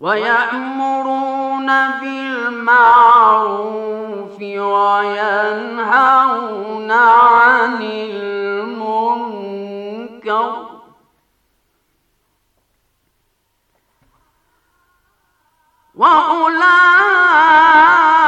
ويأمرون بالمعروف وينهون عن المنكر وأولئك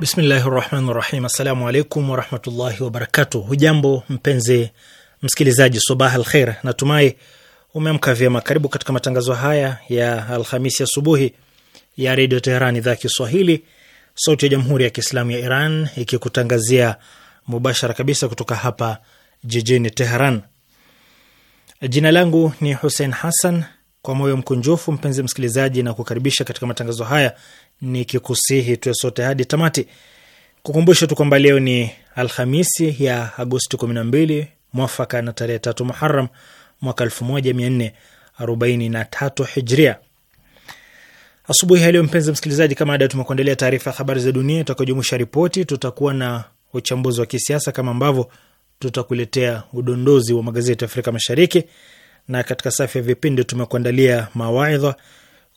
Bismillahi rahmani rahim. Assalamu alaikum warahmatullahi wabarakatuh. Hujambo mpenzi msikilizaji, sabah alkheir. Natumai umeamka vyema. Karibu katika matangazo haya ya Alhamisi asubuhi ya redio Teheran, idhaa Kiswahili, sauti ya jamhuri ya kiislamu ya Iran, ikikutangazia mubashara kabisa kutoka hapa jijini Teheran. Jina langu ni Hussein Hassan. Kwa moyo mkunjufu mpenzi msikilizaji, na kukaribisha katika matangazo haya nikikusihi tuwe sote hadi tamati. Kukumbusha tu kwamba leo ni Alhamisi ya Agosti 12 mwafaka na tarehe tatu Muharam mwaka 1443 Hijria. Asubuhi ya leo, mpenzi msikilizaji, kama ada, tumekuandalia taarifa ya habari za dunia itakayojumuisha ripoti, tutakuwa na uchambuzi wa kisiasa kama ambavyo tutakuletea udondozi wa magazeti ya Afrika Mashariki, na katika safu ya vipindi tumekuandalia mawaidha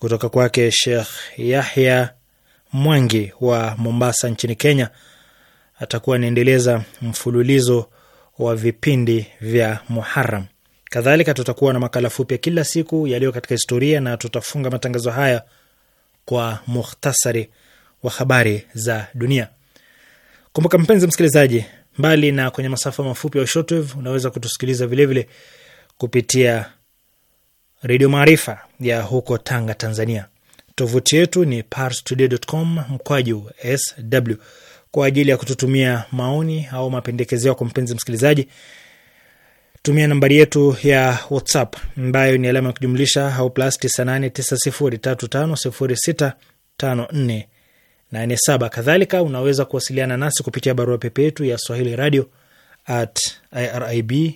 kutoka kwake shekh Yahya Mwangi wa Mombasa nchini Kenya atakuwa anaendeleza mfululizo wa vipindi vya muharam Kadhalika tutakuwa na makala fupi ya kila siku yaliyo katika historia na tutafunga matangazo haya kwa mukhtasari wa habari za dunia. Kumbuka mpenzi msikilizaji, mbali na kwenye masafa mafupi ya shortwave, unaweza kutusikiliza vilevile kupitia Redio Maarifa ya huko Tanga, Tanzania. Tovuti yetu ni parstoday.com mkwaju sw kwa ajili ya kututumia maoni au mapendekezo yako, mpenzi msikilizaji, tumia nambari yetu ya WhatsApp ambayo ni alama ya kujumlisha au plus 989035065487. Kadhalika unaweza kuwasiliana nasi kupitia barua pepe yetu ya swahili radio at ir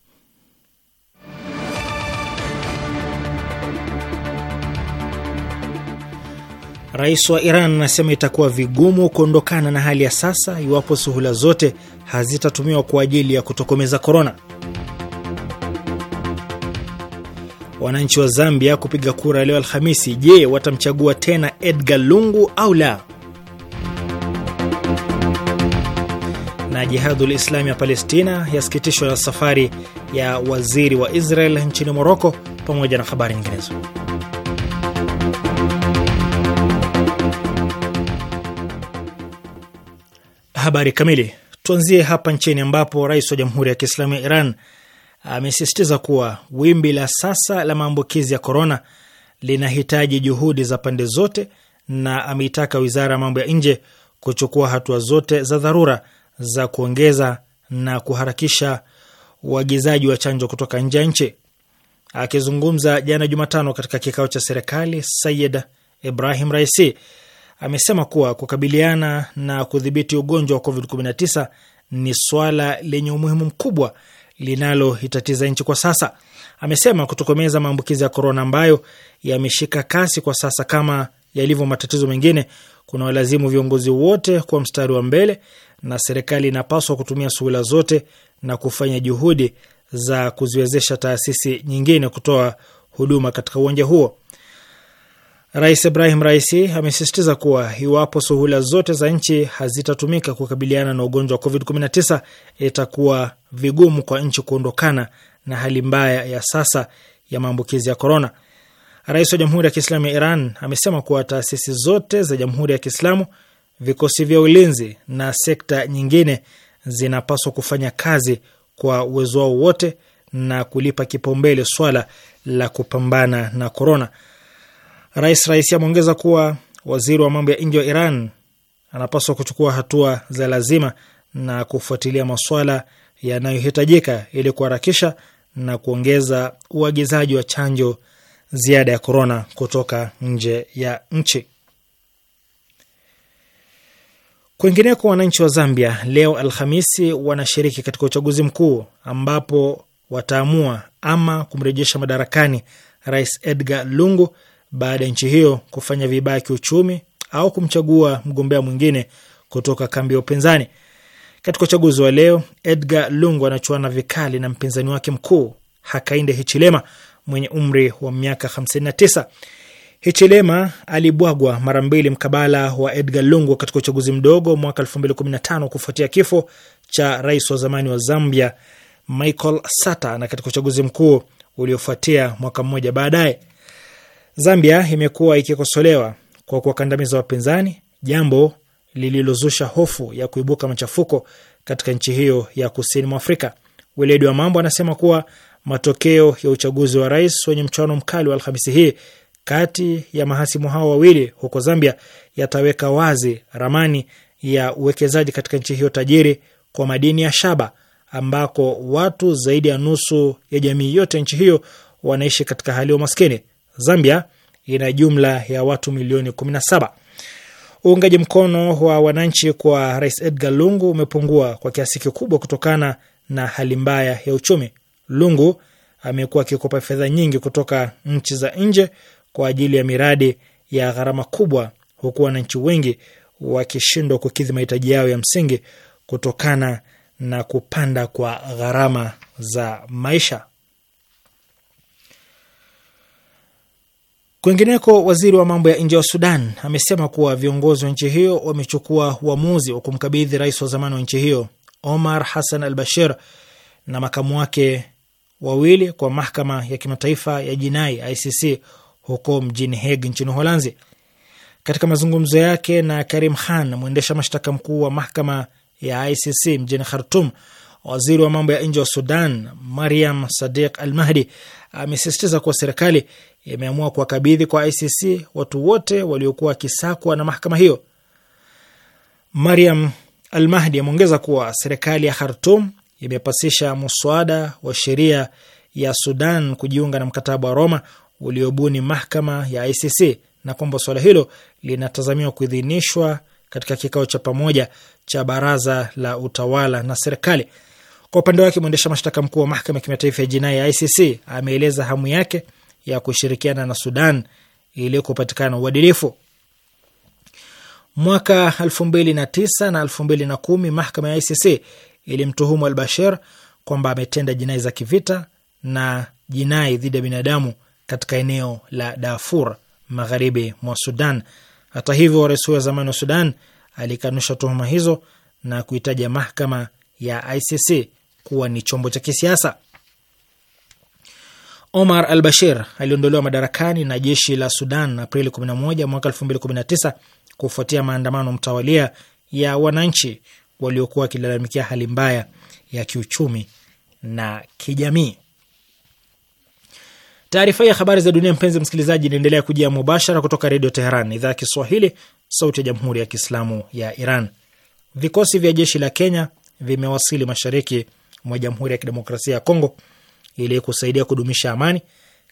Rais wa Iran anasema itakuwa vigumu kuondokana na hali ya sasa iwapo suhula zote hazitatumiwa kwa ajili ya kutokomeza korona. Wananchi wa Zambia kupiga kura leo Alhamisi. Je, watamchagua tena Edgar Lungu au la? Na Jihadul Islami ya Palestina yasikitishwa na safari ya waziri wa Israel nchini Moroko, pamoja na habari nyinginezo. habari kamili. Tuanzie hapa nchini ambapo rais wa Jamhuri ya Kiislamu ya Iran amesisitiza kuwa wimbi la sasa la maambukizi ya korona linahitaji juhudi za pande zote na ameitaka wizara ya mambo ya nje kuchukua hatua zote za dharura za kuongeza na kuharakisha uagizaji wa chanjo kutoka nje ya nchi. Akizungumza jana Jumatano katika kikao cha serikali, Sayid Ibrahim Raisi amesema kuwa kukabiliana na kudhibiti ugonjwa wa COVID-19 ni swala lenye umuhimu mkubwa linalohitatiza nchi kwa sasa. Amesema kutokomeza maambukizi ya korona ambayo yameshika kasi kwa sasa, kama yalivyo matatizo mengine, kuna walazimu viongozi wote kwa mstari wa mbele, na serikali inapaswa kutumia suhula zote na kufanya juhudi za kuziwezesha taasisi nyingine kutoa huduma katika uwanja huo. Rais Ibrahim Raisi amesisitiza kuwa iwapo suhula zote za nchi hazitatumika kukabiliana na ugonjwa wa COVID-19 itakuwa vigumu kwa nchi kuondokana na hali mbaya ya sasa ya maambukizi ya korona. Rais wa Jamhuri ya Kiislamu ya Iran amesema kuwa taasisi zote za Jamhuri ya Kiislamu, vikosi vya ulinzi na sekta nyingine zinapaswa kufanya kazi kwa uwezo wao wote na kulipa kipaumbele swala la kupambana na korona. Rais Raisi ameongeza kuwa waziri wa mambo ya nje wa Iran anapaswa kuchukua hatua za lazima na kufuatilia maswala yanayohitajika ili kuharakisha na kuongeza uagizaji wa chanjo ziada ya korona kutoka nje ya nchi. Kwingineko, wananchi wa Zambia leo Alhamisi wanashiriki katika uchaguzi mkuu ambapo wataamua ama kumrejesha madarakani Rais Edgar Lungu baada ya nchi hiyo kufanya vibaya kiuchumi au kumchagua mgombea mwingine kutoka kambi ya upinzani. Katika uchaguzi wa leo, Edgar Lungu anachuana vikali na mpinzani wake mkuu Hakainde Hichilema mwenye umri wa miaka 59. Hichilema alibwagwa mara mbili mkabala wa Edgar Lungu katika uchaguzi mdogo mwaka 2015 kufuatia kifo cha rais wa zamani wa Zambia Michael Sata na katika uchaguzi mkuu uliofuatia mwaka mmoja baadaye. Zambia imekuwa ikikosolewa kwa kuwakandamiza wapinzani, jambo lililozusha hofu ya kuibuka machafuko katika nchi hiyo ya kusini mwa Afrika. Weledi wa mambo anasema kuwa matokeo ya uchaguzi wa rais wenye mchuano mkali wa Alhamisi hii kati ya mahasimu hao wawili huko Zambia yataweka wazi ramani ya uwekezaji katika nchi hiyo tajiri kwa madini ya shaba, ambako watu zaidi ya nusu ya jamii yote nchi hiyo wanaishi katika hali ya umaskini. Zambia ina jumla ya watu milioni 17. Uungaji mkono wa wananchi kwa Rais Edgar Lungu umepungua kwa kiasi kikubwa kutokana na hali mbaya ya uchumi. Lungu amekuwa akikopa fedha nyingi kutoka nchi za nje kwa ajili ya miradi ya gharama kubwa, huku wananchi wengi wakishindwa kukidhi mahitaji yao ya msingi kutokana na kupanda kwa gharama za maisha. Kwingineko, waziri wa mambo ya nje wa Sudan amesema kuwa viongozi wa nchi hiyo wamechukua uamuzi wa kumkabidhi rais wa zamani wa nchi hiyo Omar Hassan al Bashir na makamu wake wawili kwa mahakama ya kimataifa ya jinai ICC huko mjini Hague nchini Uholanzi. Katika mazungumzo yake na Karim Khan, mwendesha mashtaka mkuu wa mahakama ya ICC mjini Khartum, Waziri wa mambo ya nje wa Sudan, Mariam Sadiq Al Mahdi, amesisitiza kuwa serikali imeamua kuwakabidhi kwa ICC watu wote waliokuwa wakisakwa na mahakama hiyo. Mariam Al Mahdi ameongeza kuwa serikali ya Khartum imepasisha muswada wa sheria ya Sudan kujiunga na mkataba wa Roma uliobuni mahakama ya ICC na kwamba suala hilo linatazamiwa kuidhinishwa katika kikao cha pamoja cha baraza la utawala na serikali. Kwa upande wake mwendesha mashtaka mkuu wa mahakama ya kimataifa ya jinai ya ICC ameeleza hamu yake ya kushirikiana na Sudan ili kupatikana uadilifu. Mwaka elfu na tisa mahakama ya ICC ilimtuhumu Al Bashir kwamba ametenda jinai za kivita na jinai dhidi ya binadamu katika eneo la Darfur magharibi mwa Sudan. Hata hivyo, rais huyo wa zamani wa Sudan alikanusha tuhuma hizo na kuitaja mahakama ya ICC kuwa ni chombo cha kisiasa. Omar al Bashir aliondolewa madarakani na jeshi la Sudan Aprili 11 mwaka 2019 kufuatia maandamano mtawalia ya wananchi waliokuwa wakilalamikia hali mbaya ya kiuchumi na kijamii. Taarifa ya habari za dunia, mpenzi msikilizaji, inaendelea kujia mubashara kutoka Redio Teheran, idhaa ya Kiswahili, sauti ya jamhuri ya kiislamu ya Iran. Vikosi vya jeshi la Kenya vimewasili mashariki mwa Jamhuri ya Kidemokrasia ya Kongo ili kusaidia kudumisha amani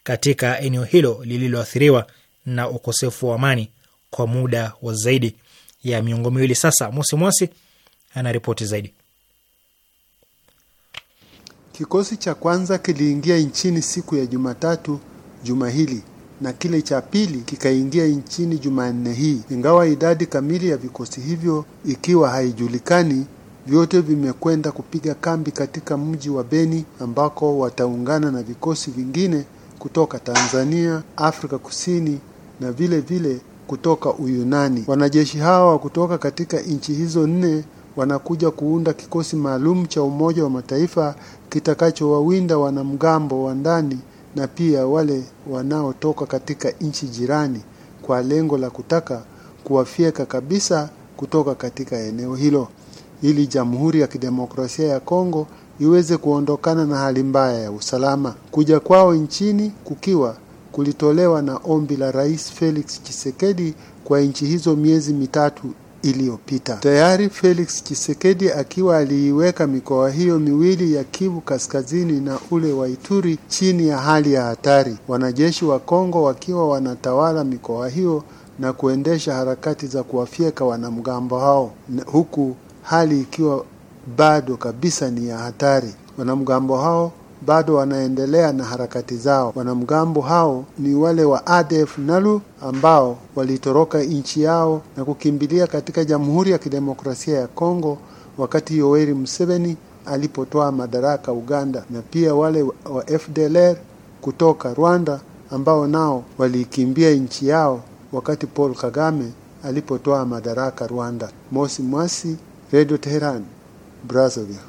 katika eneo hilo lililoathiriwa na ukosefu wa amani kwa muda wa zaidi ya miongo miwili sasa. Mosi Mwasi anaripoti zaidi. Kikosi cha kwanza kiliingia nchini siku ya Jumatatu juma hili na kile cha pili kikaingia nchini Jumanne hii, ingawa idadi kamili ya vikosi hivyo ikiwa haijulikani vyote vimekwenda kupiga kambi katika mji wa Beni ambako wataungana na vikosi vingine kutoka Tanzania, Afrika Kusini na vile vile kutoka Uyunani. Wanajeshi hawa kutoka katika nchi hizo nne wanakuja kuunda kikosi maalum cha Umoja wa Mataifa kitakachowawinda wanamgambo wa ndani na pia wale wanaotoka katika nchi jirani kwa lengo la kutaka kuwafyeka kabisa kutoka katika eneo hilo ili Jamhuri ya Kidemokrasia ya Kongo iweze kuondokana na hali mbaya ya usalama. Kuja kwao nchini kukiwa kulitolewa na ombi la Rais Felix Tshisekedi kwa nchi hizo miezi mitatu iliyopita. Tayari Felix Tshisekedi akiwa aliiweka mikoa hiyo miwili ya Kivu Kaskazini na ule wa Ituri chini ya hali ya hatari, wanajeshi wa Kongo wakiwa wanatawala mikoa hiyo na kuendesha harakati za kuwafyeka wanamgambo hao huku hali ikiwa bado kabisa ni ya hatari. Wanamgambo hao bado wanaendelea na harakati zao. Wanamgambo hao ni wale wa ADF NALU ambao walitoroka nchi yao na kukimbilia katika Jamhuri ya Kidemokrasia ya Kongo wakati Yoweri Museveni alipotoa madaraka Uganda, na pia wale wa FDLR kutoka Rwanda ambao nao waliikimbia nchi yao wakati Paul Kagame alipotoa madaraka Rwanda. Mosi Mwasi Radio Tehran, Brazzaville.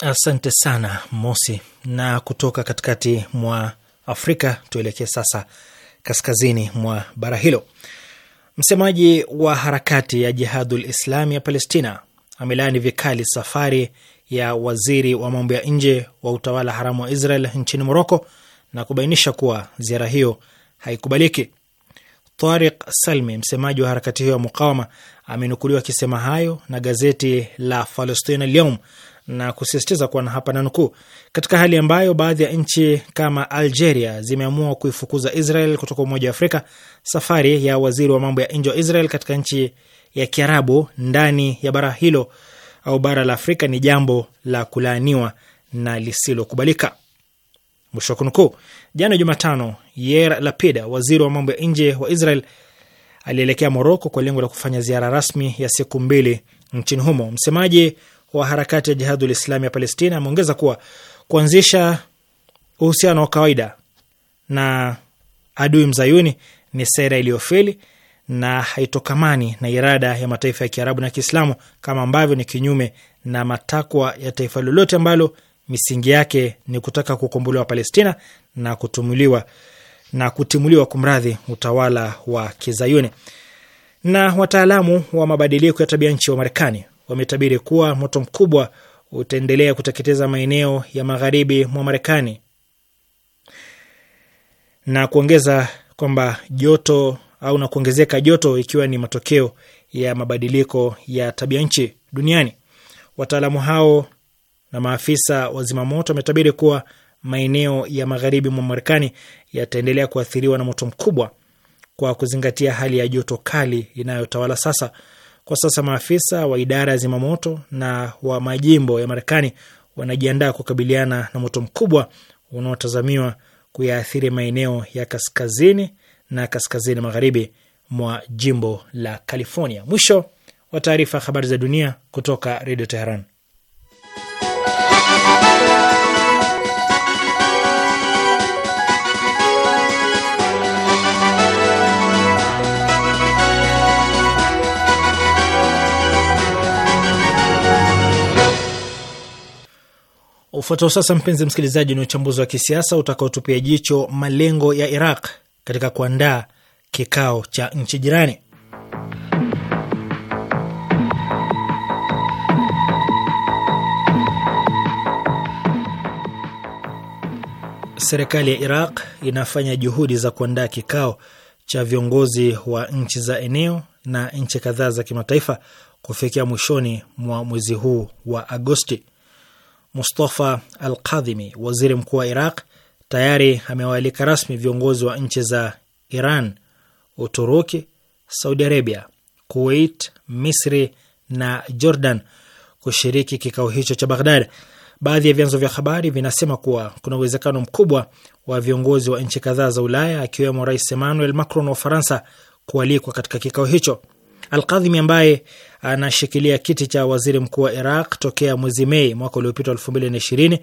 Asante sana Mosi. Na kutoka katikati mwa Afrika tuelekee sasa kaskazini mwa bara hilo. Msemaji wa harakati ya Jihadul Islami ya Palestina amelaani vikali safari ya waziri wa mambo ya nje wa utawala haramu wa Israel nchini Moroko na kubainisha kuwa ziara hiyo haikubaliki. Tariq Salmi, msemaji wa harakati hiyo ya mukawama, amenukuliwa akisema hayo na gazeti la Falestina al na kusisitiza kuwa na hapa na nukuu, katika hali ambayo baadhi ya nchi kama Algeria zimeamua kuifukuza Israel kutoka Umoja wa Afrika, safari ya waziri wa mambo ya nje wa Israel katika nchi ya Kiarabu ndani ya bara hilo au bara la Afrika ni jambo la kulaaniwa na lisilokubalika. Mwisho wa kunukuu. Jana Jumatano, Yair Lapid, waziri wa mambo ya nje wa Israel, alielekea Moroko kwa lengo la kufanya ziara rasmi ya siku mbili nchini humo. Msemaji wa harakati ya Jihadul Islami ya Palestina ameongeza kuwa kuanzisha uhusiano wa kawaida na adui mzayuni ni sera iliyofeli na haitokamani na irada ya mataifa ya Kiarabu na Kiislamu, kama ambavyo ni kinyume na matakwa ya taifa lolote ambalo misingi yake ni kutaka kukombolewa Palestina na kutumuliwa na kutimuliwa kumradhi utawala wa Kizayuni. Na wataalamu wa mabadiliko ya tabia nchi wa Marekani wametabiri kuwa moto mkubwa utaendelea kuteketeza maeneo ya magharibi mwa Marekani na kuongeza kwamba joto au na kuongezeka joto ikiwa ni matokeo ya mabadiliko ya tabia nchi duniani. Wataalamu hao na maafisa wa zimamoto wametabiri kuwa maeneo ya magharibi mwa Marekani yataendelea kuathiriwa na moto mkubwa kwa kuzingatia hali ya joto kali inayotawala sasa. Kwa sasa maafisa wa idara ya zimamoto na wa majimbo ya Marekani wanajiandaa kukabiliana na moto mkubwa unaotazamiwa kuyaathiri maeneo ya kaskazini na kaskazini magharibi mwa jimbo la California. Mwisho wa taarifa. Habari za dunia kutoka Redio Teheran. Ufuatao sasa, mpenzi msikilizaji, ni uchambuzi wa kisiasa utakaotupia jicho malengo ya Iraq katika kuandaa kikao cha nchi jirani. Serikali ya Iraq inafanya juhudi za kuandaa kikao cha viongozi wa nchi za eneo na nchi kadhaa za kimataifa kufikia mwishoni mwa mwezi huu wa Agosti. Mustafa al Kadhimi, waziri mkuu wa Iraq, tayari amewaalika rasmi viongozi wa nchi za Iran, Uturuki, Saudi Arabia, Kuwait, Misri na Jordan kushiriki kikao hicho cha Baghdad. Baadhi ya vyanzo vya habari vinasema kuwa kuna uwezekano mkubwa wa viongozi wa nchi kadhaa za Ulaya akiwemo Rais Emmanuel Macron wa Ufaransa kualikwa katika kikao hicho. Alkadhimi ambaye anashikilia kiti cha waziri mkuu wa Iraq tokea mwezi Mei mwaka uliopita elfu mbili na ishirini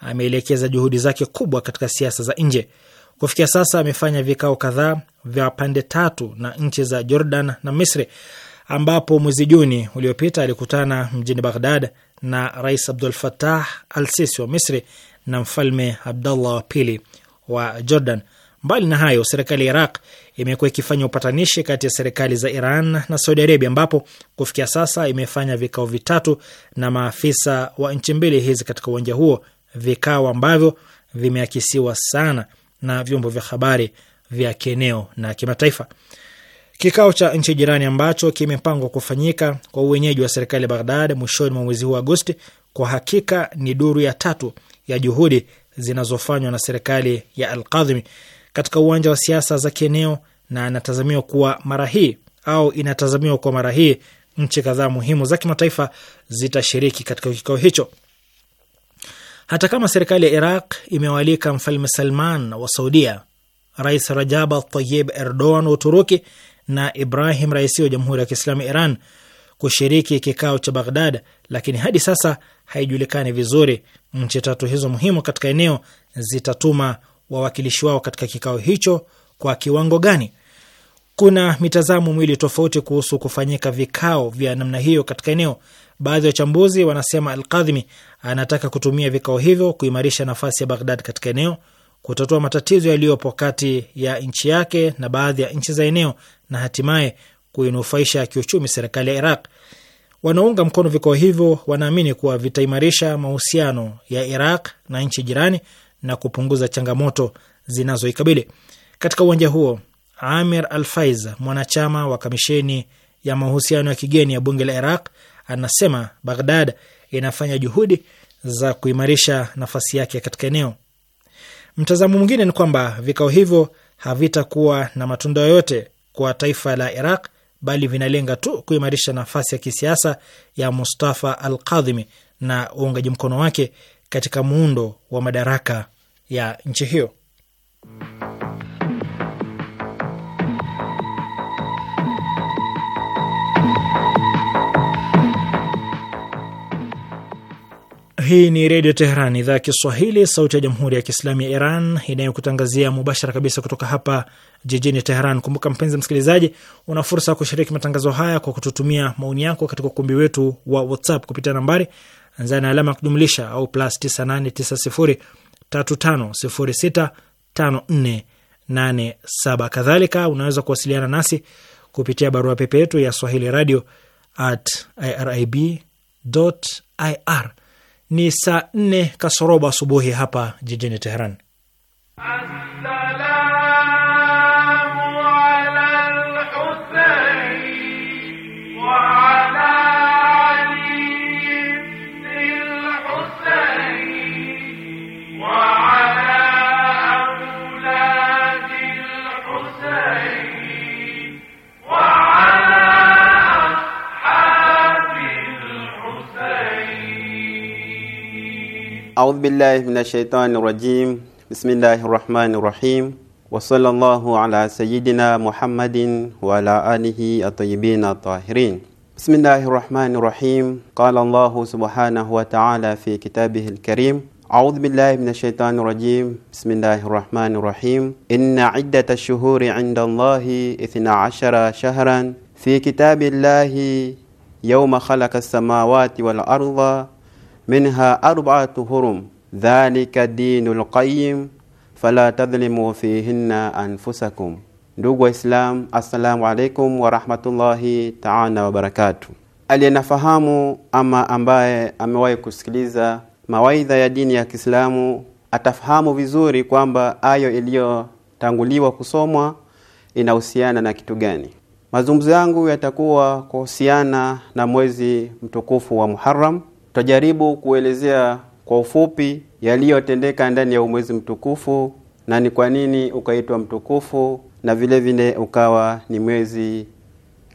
ameelekeza juhudi zake kubwa katika siasa za nje. Kufikia sasa amefanya vikao kadhaa vya pande tatu na nchi za Jordan na Misri, ambapo mwezi Juni uliopita alikutana mjini Baghdad na Rais Abdul fatah al Sisi wa Misri na Mfalme Abdullah wa pili wa Jordan. Mbali na hayo, serikali ya Iraq imekuwa ikifanya upatanishi kati ya serikali za Iran na Saudi Arabia, ambapo kufikia sasa imefanya vikao vitatu na maafisa wa nchi mbili hizi katika uwanja huo, vikao ambavyo vimeakisiwa sana na vyombo vya habari vya kieneo na kimataifa. Kikao cha nchi jirani ambacho kimepangwa kufanyika kwa uwenyeji wa serikali ya Baghdad mwishoni mwa mwezi huu Agosti, kwa hakika ni duru ya tatu ya juhudi zinazofanywa na serikali ya Alkadhimi katika uwanja wa siasa za kieneo na anatazamiwa kuwa mara hii au inatazamiwa kuwa mara hii nchi kadhaa muhimu za kimataifa zitashiriki katika kikao hicho. Hata kama serikali ya Iraq imewaalika mfalme Salman wa Saudia, rais Rajab Tayyib Erdogan wa Uturuki na Ibrahim Raisi wa Jamhuri ya Kiislamu ya Iran kushiriki kikao cha Baghdad, lakini hadi sasa haijulikani vizuri nchi tatu hizo muhimu katika eneo zitatuma wawakilishi wao katika kikao hicho kwa kiwango gani? Kuna mitazamo miwili tofauti kuhusu kufanyika vikao vya namna hiyo katika eneo. Baadhi ya wachambuzi wanasema Alkadhimi anataka kutumia vikao hivyo kuimarisha nafasi ya Baghdad katika eneo, kutatua matatizo yaliyopo kati ya nchi yake na baadhi ya nchi za eneo, na hatimaye kuinufaisha kiuchumi serikali ya Iraq. Wanaunga mkono vikao hivyo wanaamini kuwa vitaimarisha mahusiano ya Iraq na nchi jirani na kupunguza changamoto zinazoikabili katika uwanja huo. Amir Faiz, mwanachama wa kamisheni ya mahusiano ya kigeni ya bunge la Iraq, anasema Baghdad inafanya juhudi za kuimarisha nafasi yake katika eneo. Mtazamo mwingine ni kwamba vikao hivyo havitakuwa na matunda yoyote kwa taifa la Iraq, bali vinalenga tu kuimarisha nafasi ya kisiasa ya Mustafa Al Kadhimi na uungaji mkono wake katika muundo wa madaraka ya nchi hiyo. Hii ni Redio Teheran, idhaa ya Kiswahili, sauti ya Jamhuri ya Kiislamu ya Iran, inayokutangazia mubashara kabisa kutoka hapa jijini Teheran. Kumbuka mpenzi msikilizaji, una fursa ya kushiriki matangazo haya kwa kututumia maoni yako katika ukumbi wetu wa WhatsApp kupitia nambari anza na alama ya kujumlisha au plus 9890 35065487. Kadhalika unaweza kuwasiliana nasi kupitia barua pepe yetu ya Swahili radio at irib.ir. Ni saa nne kasoroba asubuhi hapa jijini Teheran. أعوذ بالله من الشيطان الرجيم بسم الله الرحمن الرحيم وصلى الله على سيدنا محمد وعلى آله الطيبين الطاهرين بسم الله الرحمن الرحيم قال الله سبحانه وتعالى في كتابه الكريم أعوذ بالله من الشيطان الرجيم بسم الله الرحمن الرحيم إن عدة الشهور عند الله إثنا عشر شهرا في كتاب الله يوم خلق السماوات والأرض منها أربعة هرم dhalika dinu qayyim fala tadhlimu fihinna anfusakum. Ndugu Waislamu, assalamu alaikum warahmatullahi taala wabarakatu. Aliyenafahamu ama ambaye amewahi kusikiliza mawaidha ya dini ya Kiislamu atafahamu vizuri kwamba ayo iliyotanguliwa kusomwa inahusiana na kitu gani. Mazungumzo yangu yatakuwa kuhusiana na mwezi mtukufu wa Muharram tutajaribu kuelezea kwa ufupi yaliyotendeka ndani ya umwezi mtukufu na ni kwa nini ukaitwa mtukufu na vile vile ukawa ni mwezi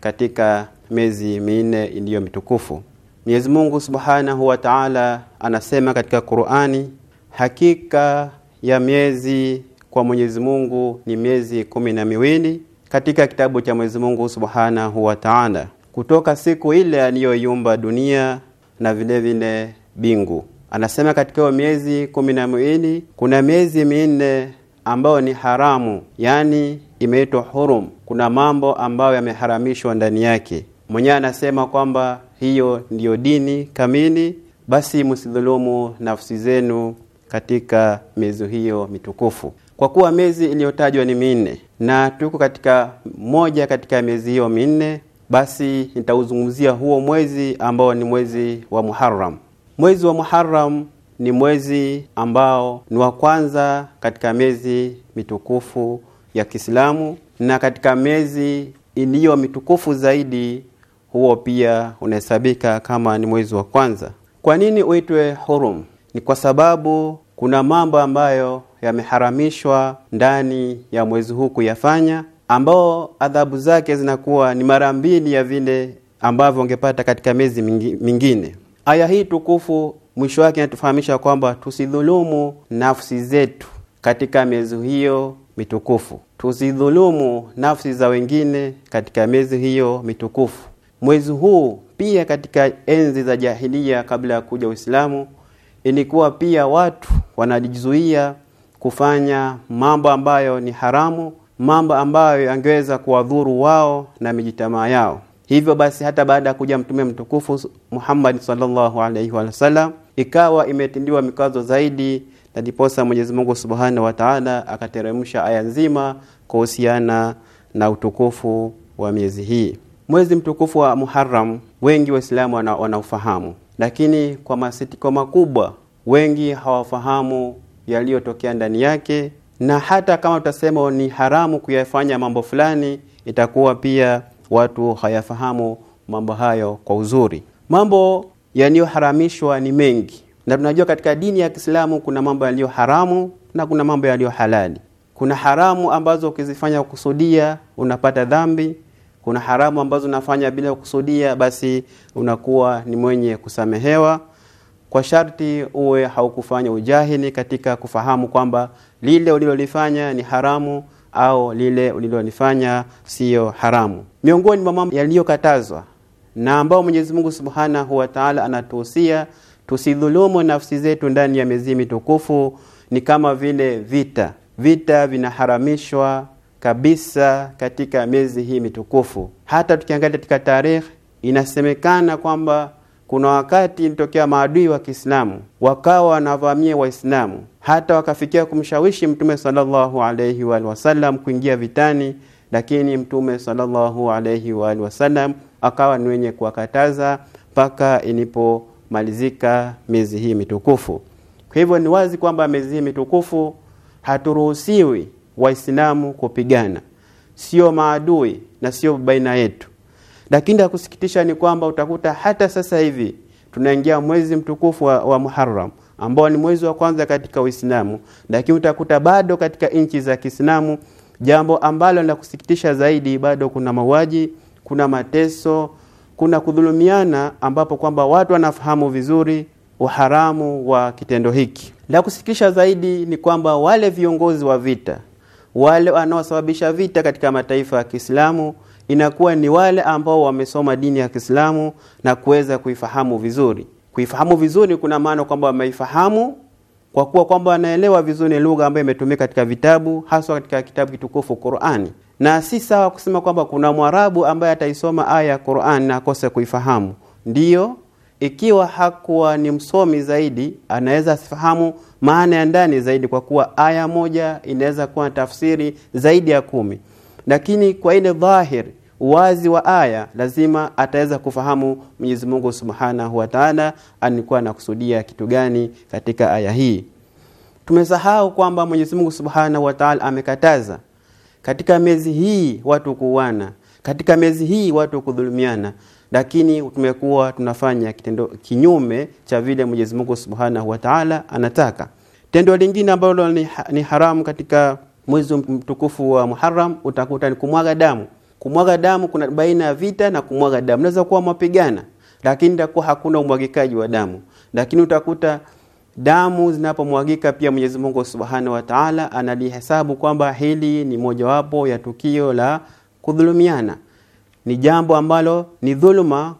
katika miezi minne iliyo mitukufu. Mwenyezi Mungu Subhanahu wa Ta'ala anasema katika Qur'ani, hakika ya miezi kwa Mwenyezi Mungu ni miezi kumi na miwili katika kitabu cha Mwenyezi Mungu Subhanahu wa Ta'ala, kutoka siku ile aliyoiumba dunia na vile vile bingu. Anasema katika hiyo miezi kumi na miwili kuna miezi minne ambayo ni haramu, yaani imeitwa hurum. Kuna mambo ambayo yameharamishwa ndani yake. Mwenyewe anasema kwamba hiyo ndiyo dini kamili, basi msidhulumu nafsi zenu katika miezi hiyo mitukufu, kwa kuwa miezi iliyotajwa ni minne na tuko katika moja katika miezi hiyo minne basi nitauzungumzia huo mwezi ambao ni mwezi wa Muharram. Mwezi wa Muharram ni mwezi ambao ni wa kwanza katika miezi mitukufu ya Kiislamu, na katika miezi iliyo mitukufu zaidi, huo pia unahesabika kama ni mwezi wa kwanza. Kwa nini uitwe hurum? Ni kwa sababu kuna mambo ambayo yameharamishwa ndani ya mwezi huu kuyafanya ambao adhabu zake zinakuwa ni mara mbili ya vile ambavyo ungepata katika miezi mingine. Aya hii tukufu mwisho wake inatufahamisha kwamba tusidhulumu nafsi zetu katika miezi hiyo mitukufu, tusidhulumu nafsi za wengine katika miezi hiyo mitukufu. Mwezi huu pia katika enzi za jahilia, kabla ya kuja Uislamu, ilikuwa pia watu wanajizuia kufanya mambo ambayo ni haramu mambo ambayo yangeweza kuwadhuru wao na mijitamaa yao. Hivyo basi hata baada ya kuja mtume mtukufu Muhammad sallallahu alaihi wasallam ikawa imetindiwa mikazo zaidi, na ndiposa Mwenyezi Mungu subhanahu wa taala akateremsha aya nzima kuhusiana na utukufu wa miezi hii. Mwezi mtukufu wa Muharram wengi Waislamu wanaufahamu, wana lakini kwa masitiko makubwa wengi hawafahamu yaliyotokea ndani yake na hata kama tutasema ni haramu kuyafanya mambo fulani, itakuwa pia watu hayafahamu mambo hayo kwa uzuri. Mambo yaliyoharamishwa ni mengi, na tunajua katika dini ya Kiislamu kuna mambo yaliyo haramu na kuna mambo yaliyo halali. Kuna haramu ambazo ukizifanya kusudia unapata dhambi. Kuna haramu ambazo unafanya bila kusudia basi unakuwa ni mwenye kusamehewa, kwa sharti uwe haukufanya ujahili katika kufahamu kwamba lile ulilolifanya ni haramu au lile ulilolifanya siyo haramu. Miongoni mwa mambo yaliyokatazwa na ambao Mwenyezi Mungu Subhanahu wa Ta'ala anatuhusia tusidhulumu nafsi zetu ndani ya miezi mitukufu ni kama vile vita. Vita vinaharamishwa kabisa katika miezi hii mitukufu. Hata tukiangalia katika tarehe, inasemekana kwamba kuna wakati ilitokea maadui wa Kiislamu wakawa wanavamia Waislamu hata wakafikia kumshawishi Mtume sallallahu alayhi wa wasallam kuingia vitani, lakini Mtume sallallahu alayhi wa wasallam akawa ni wenye kuwakataza mpaka ilipomalizika miezi hii mitukufu. Kwa hivyo ni wazi kwamba miezi hii mitukufu haturuhusiwi Waislamu kupigana, sio maadui na sio baina yetu lakini la kusikitisha ni kwamba utakuta hata sasa hivi tunaingia mwezi mtukufu wa, wa Muharram ambao ni mwezi wa kwanza katika Uislamu, lakini utakuta bado katika nchi za Kiislamu, jambo ambalo la kusikitisha zaidi, bado kuna mauaji, kuna mateso, kuna kudhulumiana, ambapo kwamba watu wanafahamu vizuri uharamu wa kitendo hiki. La kusikitisha zaidi ni kwamba wale viongozi wa vita, wale wanaosababisha vita katika mataifa ya Kiislamu inakuwa ni wale ambao wamesoma dini ya Kiislamu na kuweza kuifahamu vizuri. Kuifahamu vizuri kuna maana kwamba wameifahamu kwa kuwa kwamba wanaelewa vizuri lugha ambayo imetumika katika vitabu, haswa katika kitabu kitukufu Qur'ani. Na si sawa kusema kwamba kuna Mwarabu ambaye ataisoma aya ya Qur'ani na akose kuifahamu. Ndiyo, ikiwa hakuwa ni msomi zaidi, anaweza asifahamu maana ya ndani zaidi, kwa kuwa aya moja inaweza kuwa na tafsiri zaidi ya kumi. Lakini kwa ile dhahiri uwazi wa aya lazima ataweza kufahamu Mwenyezi Mungu Subhanahu wa Ta'ala anikuwa anakusudia kitu gani katika aya hii. Tumesahau kwamba Mwenyezi Mungu Subhanahu wa Ta'ala amekataza katika miezi hii watu kuuana, katika miezi hii watu kudhulumiana, lakini tumekuwa tunafanya kitendo kinyume cha vile Mwenyezi Mungu Subhanahu wa Ta'ala anataka. Tendo lingine ambalo ni, ni haramu katika mwezi mtukufu wa Muharram utakuta ni kumwaga damu. Kumwaga damu kuna baina ya vita na kumwaga damu. Naweza kuwa mapigana, lakini takuwa hakuna umwagikaji wa damu, lakini utakuta damu zinapomwagika pia Mwenyezi Mungu Subhanahu wa Ta'ala analihesabu kwamba hili ni mojawapo ya tukio la kudhulumiana. Ni jambo ambalo ni dhuluma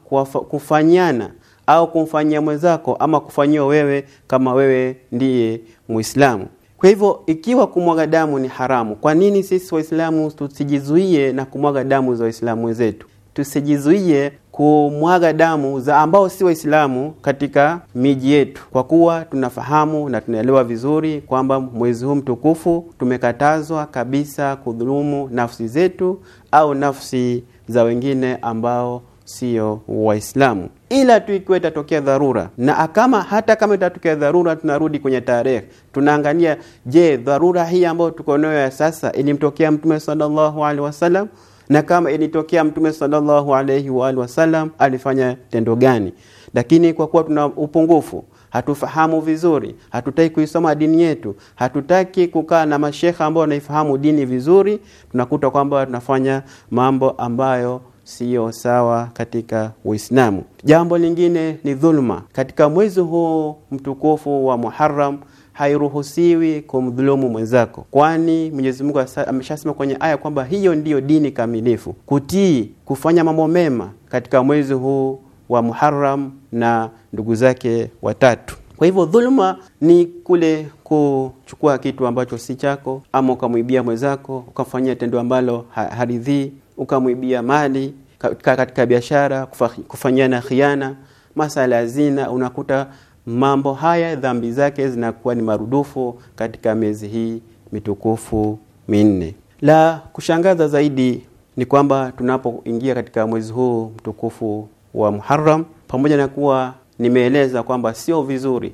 kufanyana au kumfanyia mwenzako ama kufanyiwa wewe kama wewe ndiye Muislamu. Kwa hivyo ikiwa kumwaga damu ni haramu, kwa nini sisi Waislamu tusijizuie na kumwaga damu za Waislamu wenzetu? Tusijizuie kumwaga damu za ambao si Waislamu katika miji yetu, kwa kuwa tunafahamu na tunaelewa vizuri kwamba mwezi huu mtukufu tumekatazwa kabisa kudhulumu nafsi zetu au nafsi za wengine ambao sio Waislamu ila tu ikiwa itatokea dharura, na kama hata kama itatokea dharura, tunarudi kwenye tarehe, tunaangalia, je, dharura hii ambayo tuko nayo ya sasa ilimtokea Mtume sallallahu alaihi wasallam? Na kama ilitokea Mtume sallallahu alaihi wa alihi wasallam, alifanya tendo gani? Lakini kwa kuwa tuna upungufu hatufahamu vizuri, hatutaki kuisoma dini yetu, hatutaki kukaa na mashekha ambao wanaifahamu dini vizuri, tunakuta kwamba tunafanya mambo ambayo siyo sawa katika Uislamu. Jambo lingine ni dhuluma. Katika mwezi huu mtukufu wa Muharram hairuhusiwi kumdhulumu mwenzako, kwani Mwenyezi Mungu ameshasema kwenye aya kwamba hiyo ndiyo dini kamilifu, kutii, kufanya mambo mema katika mwezi huu wa Muharram na ndugu zake watatu. Kwa hivyo dhuluma ni kule kuchukua kitu ambacho si chako, ama ukamwibia mwenzako, ukamfanyia tendo ambalo haridhii ukamwibia mali katika biashara kufanyana khiana masala ya zina unakuta mambo haya dhambi zake zinakuwa ni marudufu katika miezi hii mitukufu minne la kushangaza zaidi ni kwamba tunapoingia katika mwezi huu mtukufu wa Muharram pamoja na kuwa nimeeleza kwamba sio vizuri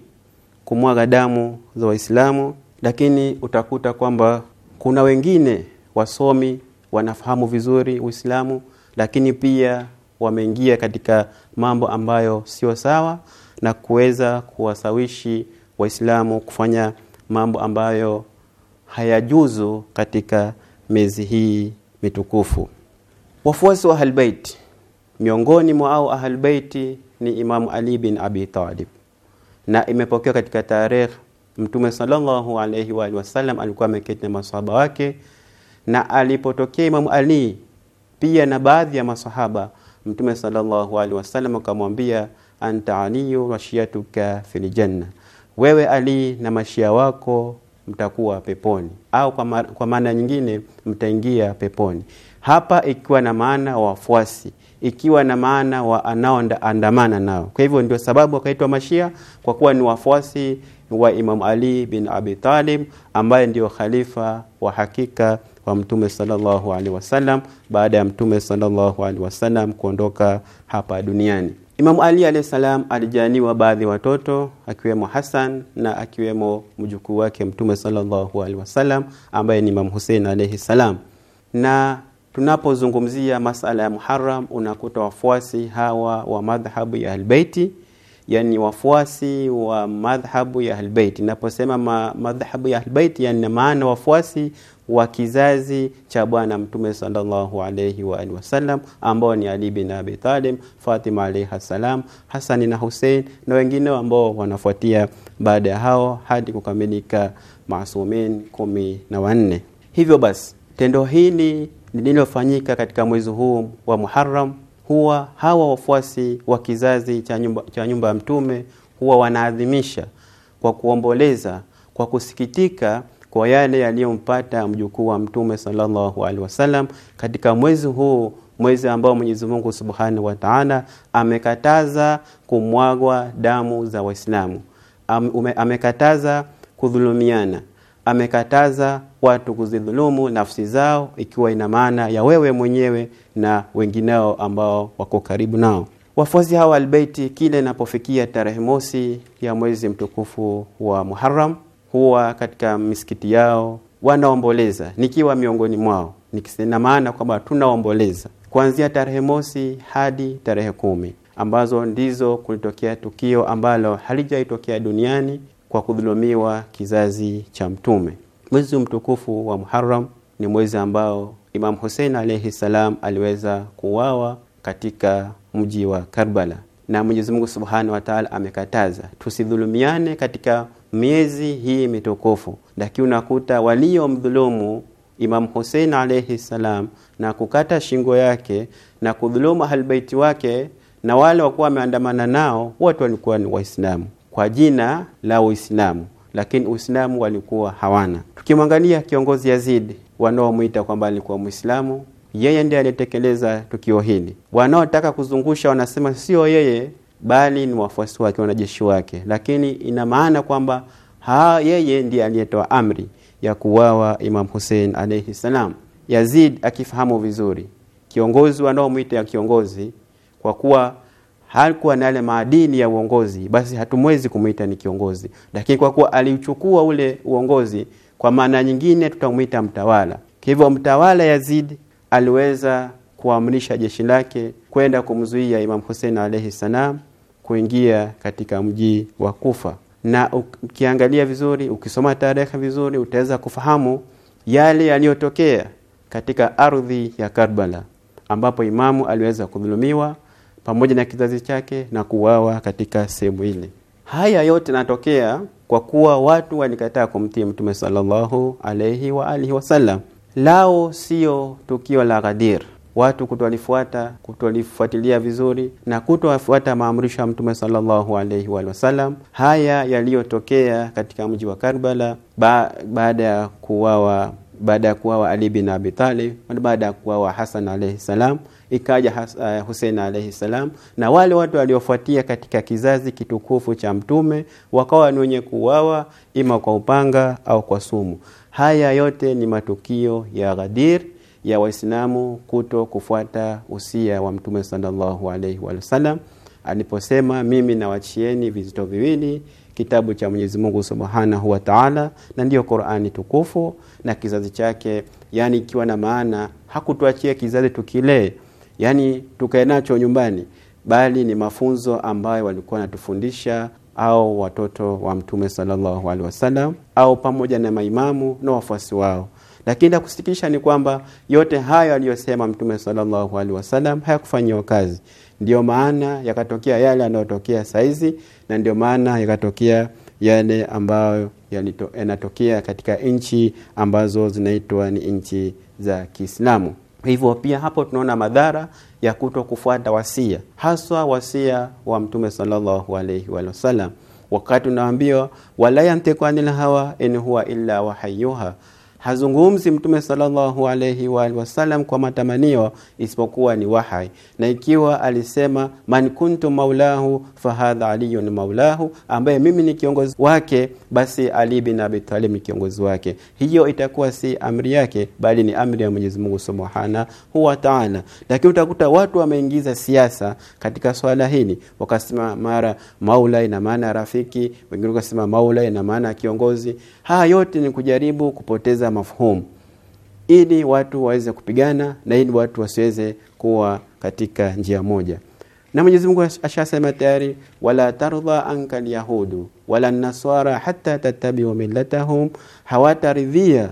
kumwaga damu za Waislamu lakini utakuta kwamba kuna wengine wasomi wanafahamu vizuri Uislamu lakini pia wameingia katika mambo ambayo sio sawa na kuweza kuwasawishi Waislamu kufanya mambo ambayo hayajuzu katika miezi hii mitukufu. Wafuasi wa Ahlbeit, miongoni au Ahlbeiti ni Imam Ali bin Abi Talib, na imepokewa katika tarehe Mtume sallallahu alayhi wa sallam alikuwa ameketi na maswahaba wake na alipotokea Imam Ali pia na baadhi ya masahaba, Mtume sallallahu alaihi wasallam akamwambia anta aliyu washiatuka fil janna, wewe Ali na mashia wako mtakuwa peponi, au kwa maana nyingine mtaingia peponi. Hapa ikiwa na maana wafuasi, ikiwa na maana wa anaoandamana nao. Kwa hivyo ndio sababu wakaitwa mashia, kwa kuwa ni wafuasi wa Imam Ali bin Abi Talib ambaye ndio khalifa wa hakika wa mtume sallallahu alaihi wasallam baada ya mtume sallallahu alaihi wasallam kuondoka hapa duniani. Imamu Ali alayhi salam alijaniwa baadhi ya watoto akiwemo Hassan na akiwemo mjukuu wake mtume sallallahu alaihi wasallam ambaye ni Imam Hussein alayhi salam. Na tunapozungumzia masala ya Muharram unakuta wafuasi hawa wa madhhabu ya Albeiti yani wafuasi wa madhhabu ya Ahlbeit. Naposema ma, madhhabu ya Ahlbeit, yani na maana wafuasi wa kizazi cha Bwana Mtume sallallahu alayhi wa alihi wasallam ambao ni Ali bin Abi Talib, Fatima alayha salam, Hasani na Hussein na wengine ambao wanafuatia baada ya hao hadi kukamilika masumin kumi na wanne. Hivyo basi tendo hili lililofanyika katika mwezi huu wa Muharram huwa hawa wafuasi wa kizazi cha nyumba, cha nyumba ya Mtume huwa wanaadhimisha kwa kuomboleza, kwa kusikitika kwa yale yaliyompata mjukuu wa Mtume sallallahu alaihi wasallam katika mwezi huu, mwezi ambao Mwenyezi Mungu Subhanahu wa Ta'ala amekataza kumwagwa damu za Waislamu, amekataza kudhulumiana amekataza watu kuzidhulumu nafsi zao, ikiwa ina maana ya wewe mwenyewe na wengineo ambao wako karibu nao. Wafuasi hawa Albeiti, kile inapofikia tarehe mosi ya mwezi mtukufu wa Muharram, huwa katika misikiti yao wanaomboleza, nikiwa miongoni mwao, na maana kwamba tunaomboleza kuanzia tarehe mosi hadi tarehe kumi ambazo ndizo kulitokea tukio ambalo halijaitokea duniani kwa kudhulumiwa kizazi cha Mtume. Mwezi mtukufu wa Muharram ni mwezi ambao Imam Hussein alayhi salam aliweza kuuawa katika mji wa Karbala, na Mwenyezi Mungu Subhanahu wa Ta'ala amekataza tusidhulumiane katika miezi hii mitukufu, lakini unakuta waliomdhulumu Imam Hussein alayhi salam na kukata shingo yake na kudhulumu ahlbeiti wake na wale wakuwa wameandamana nao wote walikuwa ni Waislamu kwa jina la Uislamu, lakini Uislamu walikuwa hawana. Tukimwangalia kiongozi Yazid wanaomwita kwamba alikuwa Muislamu, yeye ndiye aliyetekeleza tukio hili. Wanaotaka kuzungusha wanasema sio yeye, bali ni wafuasi wake, wanajeshi wake, lakini ina maana kwamba yeye ndiye aliyetoa amri ya kuwawa Imam Hussein alayhi salam. Yazid akifahamu vizuri kiongozi wanaomwita ya kiongozi, kwa kuwa hakuwa na yale maadili ya uongozi, basi hatumwezi kumwita ni kiongozi. Lakini kwa kuwa aliuchukua ule uongozi, kwa maana nyingine tutamwita mtawala. Hivyo mtawala Yazid aliweza kuamrisha jeshi lake kwenda kumzuia Imam Husein alaihi salam kuingia katika mji wa Kufa, na ukiangalia vizuri, ukisoma tarehe vizuri, utaweza kufahamu yale yaliyotokea katika ardhi ya Karbala ambapo Imamu aliweza kudhulumiwa pamoja na kizazi chake na kuwawa katika sehemu ile. Haya yote natokea kwa kuwa watu walikataa kumtii Mtume sallallahu alayhi wa alihi wasallam. Lao sio tukio la Ghadir, watu kutolifuata, kutolifuatilia vizuri na kutowafuata maamrisho ya Mtume sallallahu alayhi wa sallam, haya yaliyotokea katika mji wa Karbala ba baada ya kuwawa baada ya kuwawa Ali bin Abi Talib, baada ya kuwawa Hasan alayhi salam ikaja eh, Hussein alayhi salam na wale watu waliofuatia katika kizazi kitukufu cha mtume wakawa ni wenye kuuawa ima kwa upanga au kwa sumu. Haya yote ni matukio ya Ghadir ya Waislamu kuto kufuata usia wa mtume sallallahu wa sallam aliposema, mimi nawachieni vizito viwili kitabu cha Mwenyezi Mungu Subhanahu wa Ta'ala na ndiyo Qur'ani tukufu na kizazi chake, yani ikiwa na maana hakutuachia kizazi tukilee yani tukae nacho nyumbani, bali ni mafunzo ambayo walikuwa wanatufundisha au watoto wa Mtume sallallahu alaihi wasallam au pamoja na maimamu na wafuasi wao. Lakini la kusikitisha ni kwamba yote hayo aliyosema Mtume sallallahu alaihi wasallam hayakufanyiwa kazi. Ndiyo maana yakatokea yale yanayotokea saizi, na ndio maana yakatokea yale ambayo yanatokea katika nchi ambazo zinaitwa ni nchi za Kiislamu. Hivyo pia hapo tunaona madhara ya kuto kufuata wasia, haswa wasia wa Mtume sallallahu alaihi sallam, wakati unaambiwa wala yantiku anil hawa in huwa illa wahayuha hazungumzi mtume sallallahu alayhi wa wasallam kwa matamanio isipokuwa ni wahai na ikiwa alisema man kuntu maulahu fahadha aliyun maulahu ambaye mimi ni kiongozi wake basi ali bin abi talib ni kiongozi wake hiyo itakuwa si amri yake bali ni amri ya Mwenyezi Mungu Subhanahu wa Ta'ala lakini utakuta watu wameingiza siasa katika swala hili wakasema mara maula ina maana rafiki wengine wakasema maula ina maana kiongozi haya yote ni kujaribu kupoteza home ili watu waweze kupigana na ili watu wasiweze kuwa katika njia moja na Mwenyezi Mungu ashasema tayari wala tardha anka lyahudu wala naswara hata tatabiu millatahum hawataridhia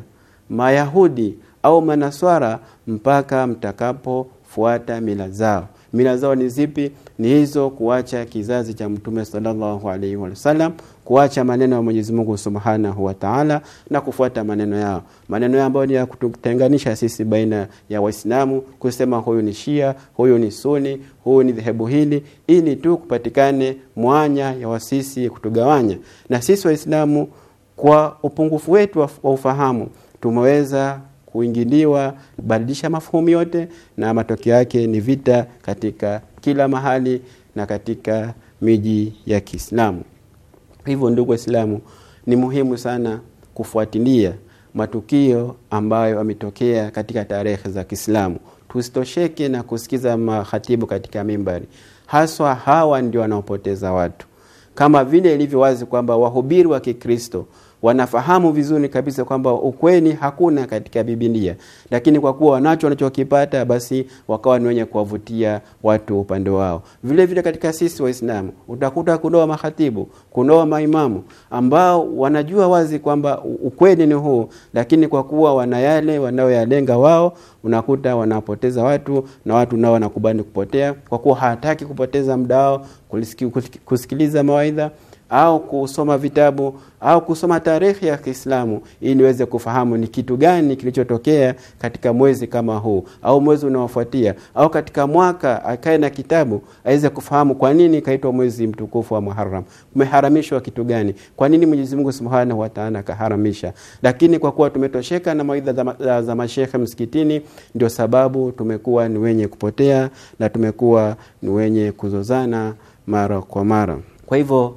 mayahudi au manaswara mpaka mtakapofuata mila zao mila zao ni zipi ni hizo kuacha kizazi cha mtume sallallahu alaihi wasallam kuacha maneno ya Mwenyezi Mungu Subhanahu wa Ta'ala na kufuata maneno yao maneno yao ambayo ni ya kututenganisha sisi baina ya Waislamu kusema huyu ni Shia huyu ni Sunni huyu ni dhehebu hili ili tu kupatikane mwanya ya wasisi kutugawanya na sisi Waislamu kwa upungufu wetu wa ufahamu tumeweza kuingiliwa badilisha mafuhumu yote na matokeo yake ni vita katika kila mahali na katika miji ya Kiislamu Hivyo ndugu Waislamu, ni muhimu sana kufuatilia matukio ambayo ametokea katika tarehe za Kiislamu. Tusitosheke na kusikiza mahatibu katika mimbari, haswa hawa ndio wanaopoteza watu, kama vile ilivyo wazi kwamba wahubiri wa Kikristo wanafahamu vizuri kabisa kwamba ukweli hakuna katika bibilia lakini kwa kuwa wanacho wanachokipata basi wakawa ni wenye kuwavutia watu upande wao vile vile katika sisi waislamu utakuta kunoa mahatibu kunoa maimamu ambao wanajua wazi kwamba ukweli ni huu lakini kwa kuwa wana yale wanaoyalenga wao unakuta wanapoteza watu na watu nao wanakubali kupotea kwa kuwa hataki kupoteza muda wao kusikiliza mawaidha au kusoma vitabu au kusoma tarehe ya Kiislamu ili niweze kufahamu ni kitu gani kilichotokea katika mwezi kama huu au mwezi unaofuatia au katika mwaka, akae na kitabu aweze kufahamu kwa nini kaitwa mwezi mtukufu wa Muharram, kumeharamishwa kitu gani, kwa nini Mwenyezi Mungu Subhanahu wa Ta'ala kaharamisha. Lakini kwa kuwa tumetosheka na mawaidha za mashehe msikitini, ndio sababu tumekuwa ni wenye kupotea na tumekuwa ni wenye kuzozana mara kwa mara. Kwa hivyo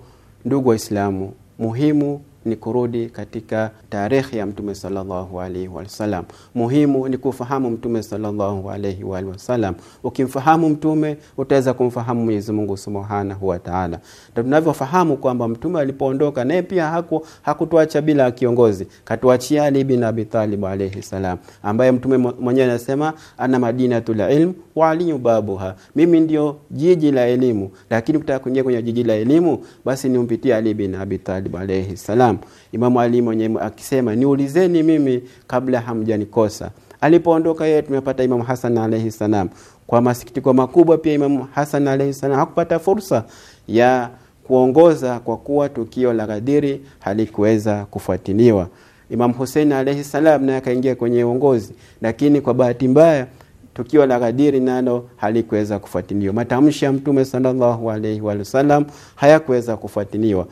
ndugu Waislamu, muhimu ni kurudi katika tarehe ya mtume sallallahu alaihi wasallam. Muhimu ni kufahamu mtume sallallahu alaihi wasallam. Ukimfahamu mtume utaweza kumfahamu Mwenyezi Mungu Subhanahu wa Ta'ala. Na tunavyofahamu kwamba mtume alipoondoka naye pia haku hakutuacha bila kiongozi, katuachia Ali bin Abi Talib alaihi salam, ambaye mtume mwenyewe anasema ana madinatul ilm wa aliyu babuha, mimi ndio jiji la elimu, lakini ukitaka kuingia kwenye jiji la elimu basi nimpitie Ali bin Abi Talib alaihi salam. Kiislamu, Imamu Ali mwenyewe akisema, niulizeni mimi kabla hamjanikosa. Alipoondoka yeye, tumepata Imamu Hasan alaihi salam. Kwa masikitiko makubwa, pia Imamu Hasan alaihi salam hakupata fursa ya kuongoza kwa kuwa tukio la Ghadiri halikuweza kufuatiliwa. Imam Hussein alaihi salam naye akaingia kwenye uongozi, lakini kwa bahati mbaya tukio la Ghadiri nalo halikuweza kufuatiliwa. Matamshi ya Mtume sallallahu alaihi wasallam hayakuweza kufuatiliwa.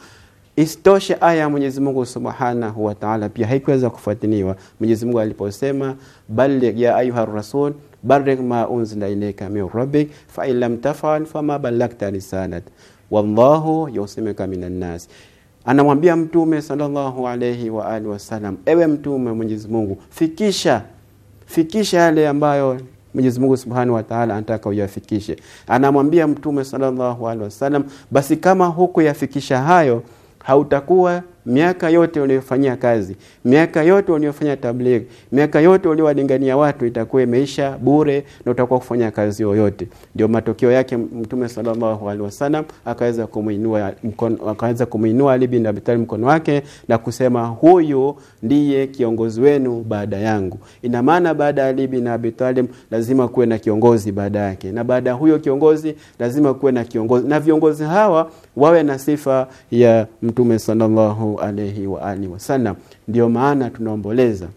Isitoshe, aya ya Mwenyezi Mungu Subhanahu wa Ta'ala pia haikuweza kufuatiliwa. Mwenyezi Mungu aliposema balligh ya ayuha rasul balligh ma unzila ilayka min rabbik fa in lam taf'al fama ballagta risalat wallahu yusimika minan nas. Anamwambia Mtume sallallahu alayhi wa alihi wasallam, ewe Mtume, Mwenyezi Mungu fikisha fikisha yale ambayo Mwenyezi Mungu Subhanahu wa Ta'ala anataka uyafikishe. Anamwambia Mtume sallallahu alayhi wasallam, basi kama yafikisha hayo hautakuwa miaka yote uliyofanyia kazi, miaka yote uliyofanya tabligh, miaka yote uliowalingania watu itakuwa imeisha bure na utakuwa kufanya kazi yoyote. Ndio matokeo yake Mtume sallallahu alaihi wasallam akaweza kumuinua mkono, akaweza kumuinua Ali bin Abi Talib mkono wake na kusema huyu ndiye kiongozi wenu baada yangu. Ina maana baada ya Ali bin Abi Talib lazima kuwe na kiongozi baada yake, na baada ya huyo kiongozi lazima kuwe na kiongozi, na viongozi hawa wawe na sifa ya Mtume sallallahu alaihi wa alihi ndio maana tunaomboleza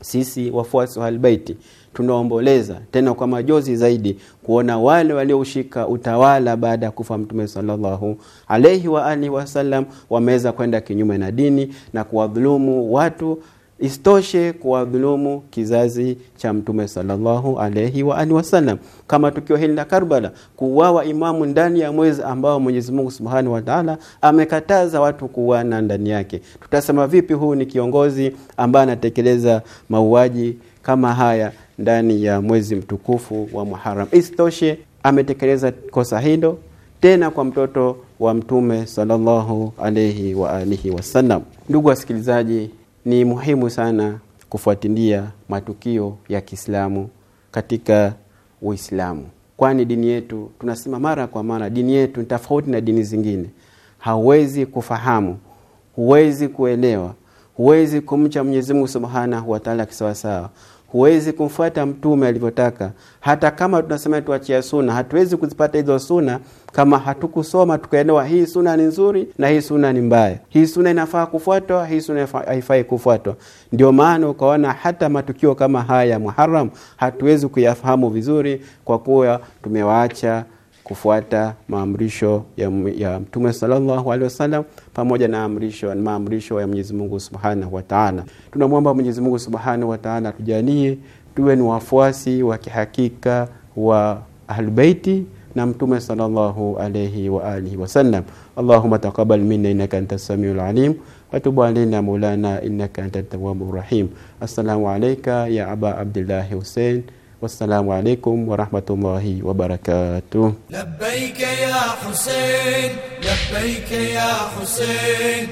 sisi wafuasi wa albaiti tunaomboleza tena kwa majozi zaidi kuona wale walioshika utawala baada ya kufa mtume sallallahu alaihi wa alihi wasallam wameweza kwenda kinyume na dini na kuwadhulumu watu Isitoshe kuwadhulumu kizazi cha Mtume sallallahu alayhi wa alihi wasallam, kama tukio hili la Karbala, kuuawa imamu ndani ya mwezi ambao Mwenyezi Mungu Subhanahu wa Ta'ala amekataza watu kuuana ndani yake. Tutasema vipi huu ni kiongozi ambaye anatekeleza mauaji kama haya ndani ya mwezi mtukufu wa Muharram? Isitoshe ametekeleza kosa hilo tena kwa mtoto wa Mtume sallallahu alayhi wa alihi wasallam. Ndugu wasikilizaji ni muhimu sana kufuatilia matukio ya Kiislamu katika Uislamu kwani dini yetu tunasema mara kwa mara dini yetu ni tofauti na dini zingine hauwezi kufahamu huwezi kuelewa huwezi kumcha Mwenyezi Mungu Subhanahu wa Ta'ala kisawasawa huwezi kumfuata mtume alivyotaka. Hata kama tunasema tuachia suna, hatuwezi kuzipata hizo suna kama hatukusoma tukaelewa hii suna ni nzuri na hii suna ni mbaya, hii suna inafaa kufuatwa, hii suna haifai kufuatwa. Ndio maana ukaona hata matukio kama haya ya Muharram hatuwezi kuyafahamu vizuri kwa kuwa tumewaacha kufuata maamrisho ya, ya Mtume sallallahu alaihi wasallam pamoja na amrisho na maamrisho ya Mwenyezi Mungu Subhanahu wa Ta'ala. Tunamwomba Mwenyezi Mungu Subhanahu wa Ta'ala tujalie tuwe ni wafuasi wa kihakika wa ahlubeiti na Mtume sallallahu alaihi wa alihi wasallam. Allahumma taqabbal minna innaka antas samiul alim wa tub alaina maulana innaka antat tawwabur rahim. Assalamu alayka ya Aba Abdillahi Hussein والسلام عليكم ورحمة الله وبركاته لبيك يا حسين لبيك يا حسين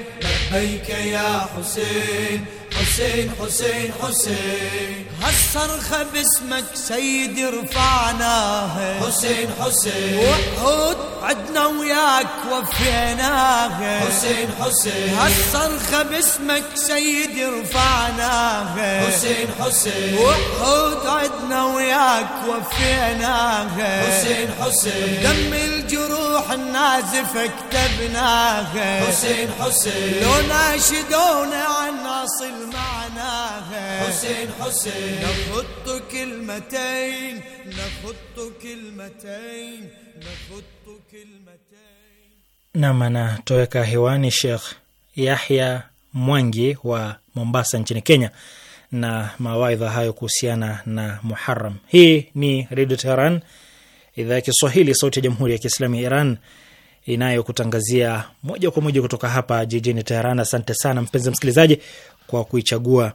لبيك يا حسين حسين حسين حسين هالصرخة باسمك سيدي رفعناها حسين حسين وحود عدنا وياك وفيناها حسين حسين هالصرخة باسمك سيدي رفعناها حسين حسين وحود عدنا وياك وفيناها حسين حسين دم الجروح النازفة كتبناها حسين حسين لو ناشدونا عن ناصر معناها حسين حسين نخط كلمتين نخط كلمتين نخط كلمتين nam anatoweka hewani Sheikh Yahya Mwangi wa Mombasa nchini Kenya na mawaidha hayo kuhusiana na muharam Hii ni Redio Teheran, idhaa ya Kiswahili, sauti ya Jamhuri ya Kiislamu ya Iran inayokutangazia moja kwa moja kutoka hapa jijini Teheran. Asante sana mpenzi msikilizaji kwa kuichagua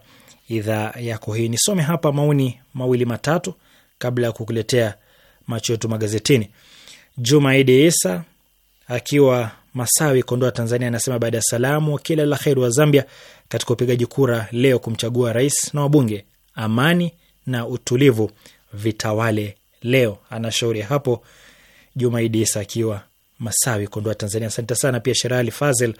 idhaa yako hii. Nisome hapa maoni mawili matatu kabla ya kukuletea macho yetu magazetini. Juma Idi Isa akiwa Masawi, Kondoa, Tanzania, anasema baada ya salamu, kila la heri wa Zambia katika upigaji kura leo kumchagua rais na wabunge. Amani na utulivu vitawale leo, anashauri hapo Juma Idi Isa akiwa Masawi, Kondoa, Tanzania. Asante sana pia Sherali Fazel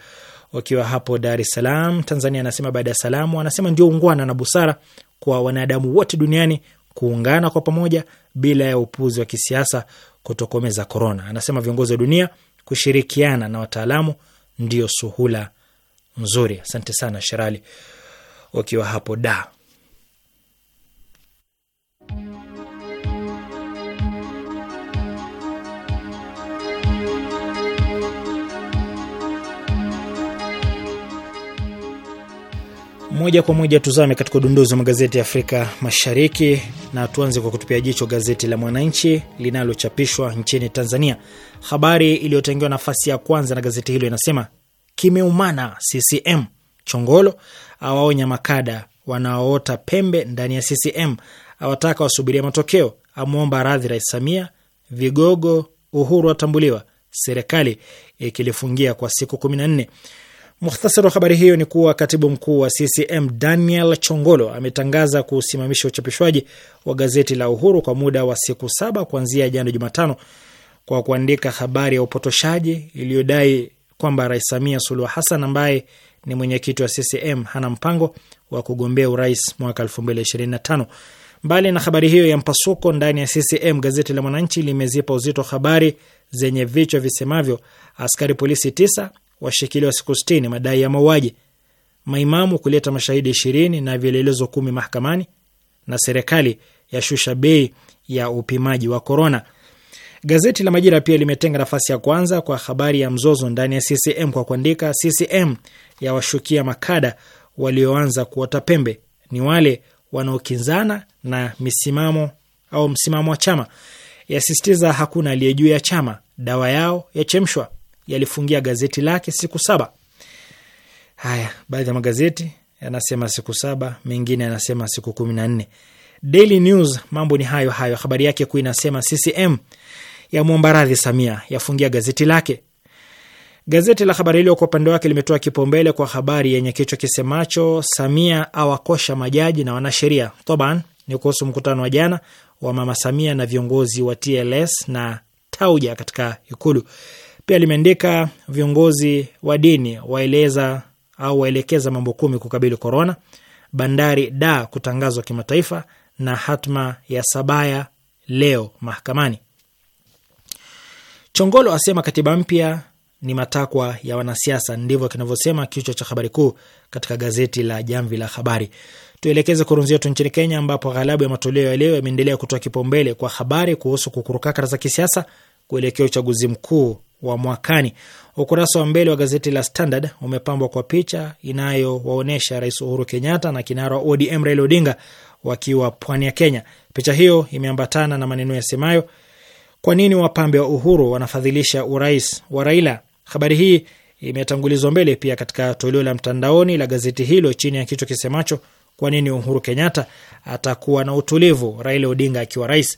wakiwa hapo Dar es Salaam, Tanzania, anasema baada ya salamu, anasema ndio ungwana na busara kwa wanadamu wote duniani kuungana kwa pamoja bila ya upuzi wa kisiasa kutokomeza korona. Anasema viongozi wa dunia kushirikiana na wataalamu ndio suhula nzuri. Asante sana Sherali, wakiwa hapo da Moja kwa moja tuzame katika udunduzi wa magazeti ya Afrika Mashariki, na tuanze kwa kutupia jicho gazeti la Mwananchi linalochapishwa nchini Tanzania. Habari iliyotengewa nafasi ya kwanza na gazeti hilo inasema kimeumana, CCM Chongolo awaonya makada wanaoota pembe ndani ya CCM, awataka wasubiria matokeo, amwomba radhi Rais Samia, vigogo Uhuru watambuliwa, serikali ikilifungia kwa siku kumi na nne. Mukhtasari wa habari hiyo ni kuwa katibu mkuu wa CCM Daniel Chongolo ametangaza kusimamisha uchapishwaji wa gazeti la Uhuru kwa muda wa siku saba kuanzia jana Jumatano kwa kuandika habari ya upotoshaji iliyodai kwamba Rais Samia Suluhu Hassan ambaye ni mwenyekiti wa CCM hana mpango wa kugombea urais mwaka 2025. Mbali na habari hiyo ya mpasuko ndani ya CCM, gazeti la Mwananchi limezipa uzito habari zenye vichwa visemavyo askari polisi tisa washikiliwa siku sitini madai ya mauaji, maimamu kuleta mashahidi ishirini na vielelezo kumi mahakamani, na serikali yashusha bei ya upimaji wa korona. Gazeti la Majira pia limetenga nafasi ya kwanza kwa habari ya mzozo ndani ya CCM kwa kuandika, CCM ya washukia makada walioanza kuota pembe ni wale wanaokinzana na misimamo au msimamo wa chama, yasisitiza hakuna aliye juu ya chama, dawa yao yachemshwa yalifungia gazeti lake siku saba. Haya, baadhi ya magazeti yanasema siku saba, mengine yanasema siku kumi na nne. Daily News mambo ni hayo hayo, habari yake kuu inasema CCM ya mwomba radhi Samia yafungia gazeti lake. Gazeti la Habari Leo kwa upande wake limetoa kipaumbele kwa habari yenye kichwa kisemacho Samia awakosha majaji na wanasheria. Toban ni kuhusu mkutano wa jana wa Mama Samia na viongozi wa TLS na Tauja katika Ikulu. Pia limeandika viongozi wa dini waeleza au waelekeza mambo kumi kukabili korona, bandari da kutangazwa kimataifa, na hatma ya Sabaya leo mahakamani. Chongolo asema katiba mpya ni matakwa ya wanasiasa. Ndivyo kinavyosema kichwa cha habari kuu katika gazeti la Jamvi la Habari. Tuelekeze kurunzi yetu nchini Kenya, ambapo ghalabu ya matoleo ya leo yameendelea kutoa kipaumbele kwa habari kuhusu kukurukakara za kisiasa kuelekea uchaguzi mkuu wa mwakani. Ukurasa wa mbele wa gazeti la Standard umepambwa kwa picha inayowaonyesha Rais Uhuru Kenyatta na kinara wa ODM Raila Odinga wakiwa pwani ya Kenya. Picha hiyo imeambatana na maneno yasemayo, kwa nini wapambe wa Uhuru wanafadhilisha urais wa Raila? Habari hii imetangulizwa mbele pia katika toleo la mtandaoni la gazeti hilo chini ya kichwa kisemacho, kwa nini Uhuru Kenyatta atakuwa na utulivu Raila Odinga akiwa rais?